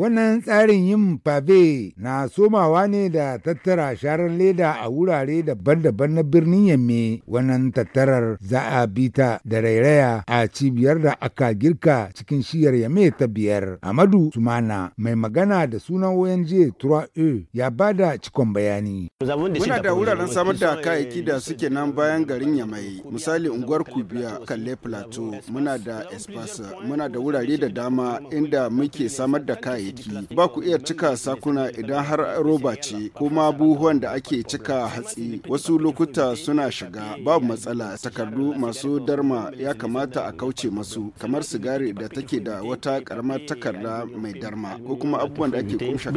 Wannan tsarin yin fabe na somawa ne da tattara sharar leda a wurare daban-daban na birnin Yamme wannan tattarar za a bita da rairaya a cibiyar da aka girka cikin shiyar Yamme ta biyar. Amadu Sumana mai magana da sunan ONG 3E ya ba da cikon bayani. Muna da wuraren samar da kayayyaki da suke nan bayan garin Yamai misali unguwar Kubiya Kalle Plateau muna da Espasa muna da wurare da dama inda muke samar da kayayyaki kayayyaki ba ku iya cika sakuna idan har roba ce ko kuma buhuwan da ake cika hatsi wasu lokuta suna shiga babu matsala takardu masu darma ya kamata a kauce masu kamar sigari da take da wata karamar takarda mai darma ko kuma abubuwan da ake kumsha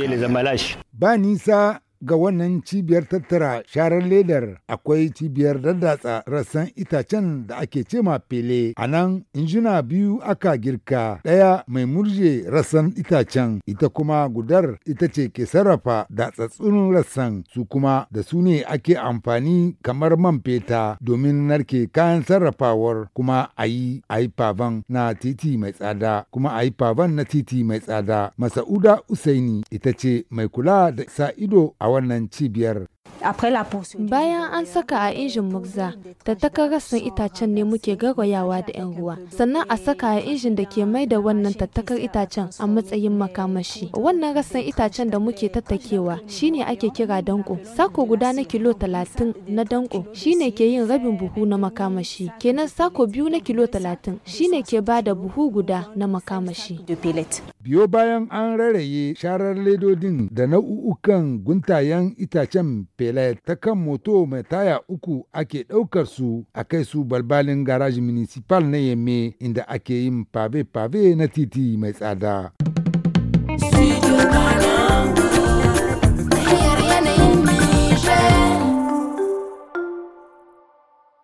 ba nisa ga wannan cibiyar tattara sharar ledar akwai cibiyar daddatsa rassan itacen da ake ce ma fele a nan injina biyu aka girka ɗaya mai murje rassan itacen ita kuma gudar ita ce ke sarrafa datsatsun rassan su kuma da su ne ake amfani kamar man feta domin narke kayan sarrafawar kuma a yi a yi pavan na titi mai tsada kuma a yi pavan na titi mai tsada masa'uda usaini ita ce mai kula da sa ido a wannan cibiyar. Bayan an saka a injin mugza, da takarassun itacen ne muke garwayawa da 'yan ruwa, sannan a saka a injin da ke mai da wannan tattakar itacen a matsayin makamashi. Wannan rassan itacen da muke tattakewa shine ake kira danko. Sako guda na kilo talatin na danko shine ke yin rabin buhu na makamashi. Kenan sako biyu na kilo talatin shine ke ba da buhu guda na makamashi. biyo bayan an raraye sharar ledodin da nau'ukan guntayen itacen pelet ta kan moto mai taya uku ake ɗaukar su a kai su balbalin garaji municipal na yamme inda ake yin pave-pave na titi mai tsada.